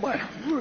Bueno,